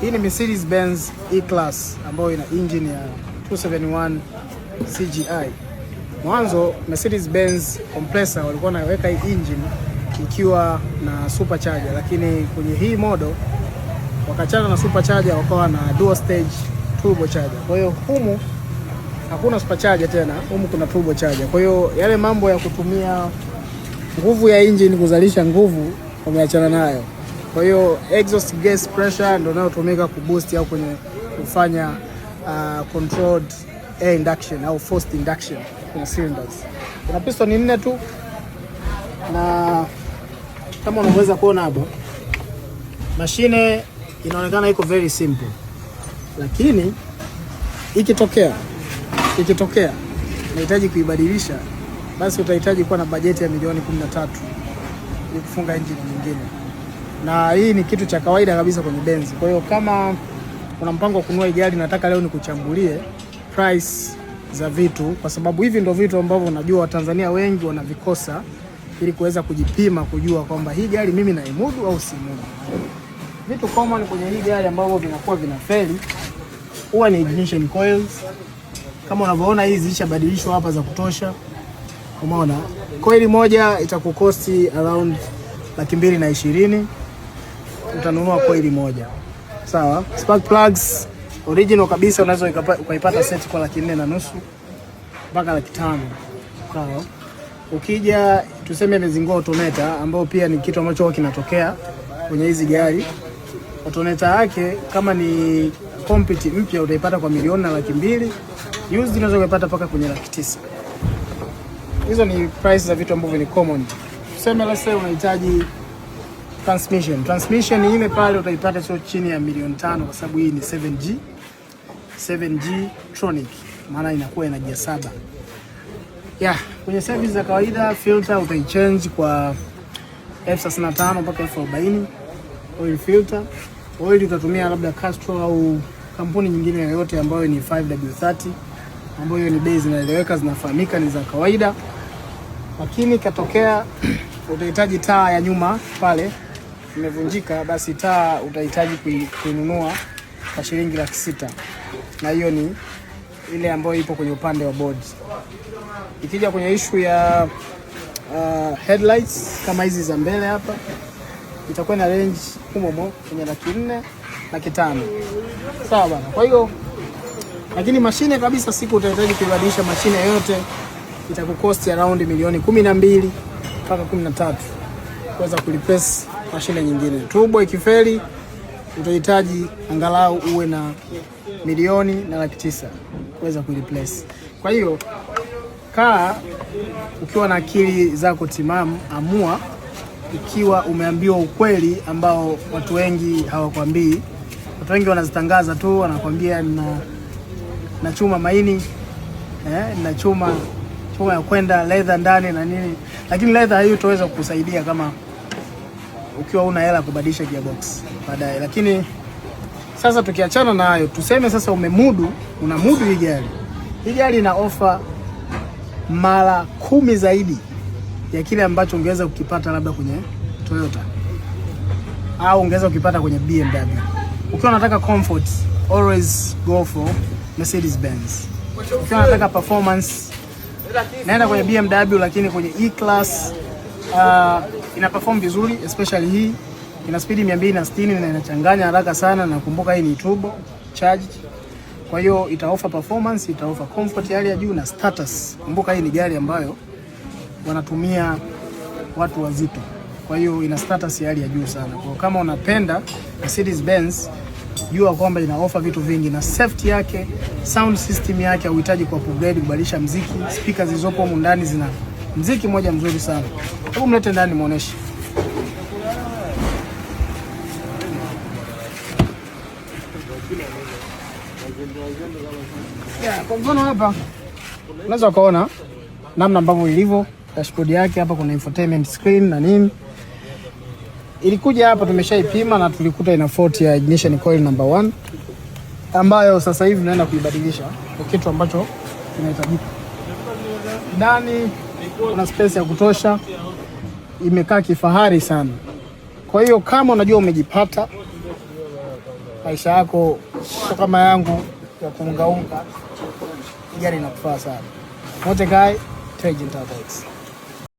Hii ni Mercedes Benz E-Class ambayo ina engine ya 271 CGI. Mwanzo Mercedes Benz compressor walikuwa wanaweka hii engine ikiwa na supercharger, lakini kwenye hii modo wakachana na supercharger wakawa na dual stage turbo charger. Kwa hiyo humu hakuna supercharger tena, humu kuna turbo charger. Kwa hiyo yale mambo ya kutumia nguvu ya engine kuzalisha nguvu wameachana nayo. Kwa hiyo exhaust gas pressure ndio inayotumika kuboost au kwenye kufanya uh, controlled air induction au forced induction kwenye cylinders. Kuna piston nne tu na kama unavyoweza kuona hapo, mashine inaonekana iko very simple, lakini ikitokea ikitokea unahitaji kuibadilisha, basi utahitaji kuwa na bajeti ya milioni 13 ili kufunga engine nyingine na hii ni kitu cha kawaida kabisa kwenye benzi. Kwa hiyo kama kuna mpango wa kununua gari, nataka leo nikuchambulie price za vitu, kwa sababu hivi ndio vitu ambavyo najua Watanzania wengi wanavikosa ili kuweza kujipima, kujua kwamba hii gari mimi naimudu au simudu. Vitu common kwenye hii gari ambavyo vinakuwa vinafeli huwa ni ignition coils. Kama unavyoona hizi zishabadilishwa hapa za kutosha. Umeona, coil moja itakukosti around laki mbili na ishirini utanunua coil moja sawa. Spark plugs original kabisa unaweza ukaipata set kwa laki nne na nusu mpaka laki tano sawa. Ukija tuseme imezingua otometa, ambayo pia ni kitu ambacho kinatokea kwenye hizi gari. otometa yake kama ni compiti mpya utaipata kwa milioni na laki mbili, used unaweza kuipata mpaka kwenye laki tisa. Hizo ni price za vitu ambavyo ni common. Tuseme lese unahitaji Transmission, transmission ile pale utaipata sio chini ya milioni tano kwa sababu hii ni 7G 7G tronic, maana inakuwa ina gia saba. Yeah, kwenye service za kawaida filter utaichange kwa F35 mpaka F40. Oil filter, oil utatumia labda Castrol au kampuni nyingine yoyote ambayo ni 5W30 ambayo ni bei zinaeleweka, zinafahamika, ni za kawaida, lakini katokea utahitaji taa ya nyuma pale imevunjika, basi taa utahitaji kuinunua kwa shilingi laki sita, na hiyo ni ile ambayo ipo kwenye upande wa bodi. Ikija kwenye ishu ya uh, headlights kama hizi za mbele hapa, itakuwa na range humomo kwenye laki nne laki tano, sawa bana. Kwa hiyo lakini mashine kabisa, siku utahitaji kuibadilisha mashine yote, itakukosti around milioni kumi na mbili mpaka kumi na tatu kuweza kulipesi mashine nyingine. Turbo ikifeli utahitaji angalau uwe na milioni na laki tisa kuweza kureplace. Kwa hiyo kaa ukiwa na akili zako timamu, amua ikiwa umeambiwa ukweli ambao watu wengi hawakwambii. Watu wengi wanazitangaza tu, wanakwambia na chuma maini eh, na chuma ya kwenda leather ndani na nini, lakini leather hii utaweza kukusaidia kama ukiwa una hela kubadilisha gearbox baadaye. Lakini sasa tukiachana na hayo, tuseme sasa umemudu, unamudu hii gari. Hii gari ina ofa mara kumi zaidi ya kile ambacho ungeweza kukipata labda kwenye Toyota au ungeweza kukipata kwenye BMW. Ukiwa unataka comfort, always go for Mercedes Benz. Ukiwa unataka performance, naenda kwenye BMW, lakini kwenye E-Class uh, ina perform vizuri especially hii ina speed 260 na inachanganya haraka sana, na kumbuka hii ni turbo charged, kwa hiyo ita offer performance, ita offer comfort hali ya juu na status. Kumbuka hii ni gari ambayo wanatumia watu wazito, kwa hiyo ina status hali ya juu sana. Kwa kama unapenda Mercedes Benz, jua kwamba ina offer vitu vingi, na safety yake, sound system yake hauhitaji kwa upgrade kubadilisha mziki, speakers zilizopo humu ndani zina Mziki mmoja mzuri sana. Hebu mlete ndani muoneshe. Yeah, kwa mfano hapa unaweza ukaona namna ambavyo ilivyo dashboard yake. Hapa kuna infotainment screen na nini. Ilikuja hapa tumeshaipima na tulikuta ina fault ya ignition coil number 1 ambayo sasa hivi naenda kuibadilisha kwa kitu ambacho kinahitajika ndani kuna space ya kutosha, imekaa kifahari sana. Kwa hiyo kama unajua umejipata maisha yako, sio kama yangu ya kuungaunga, gari inakufaa sana. Wote kai Tata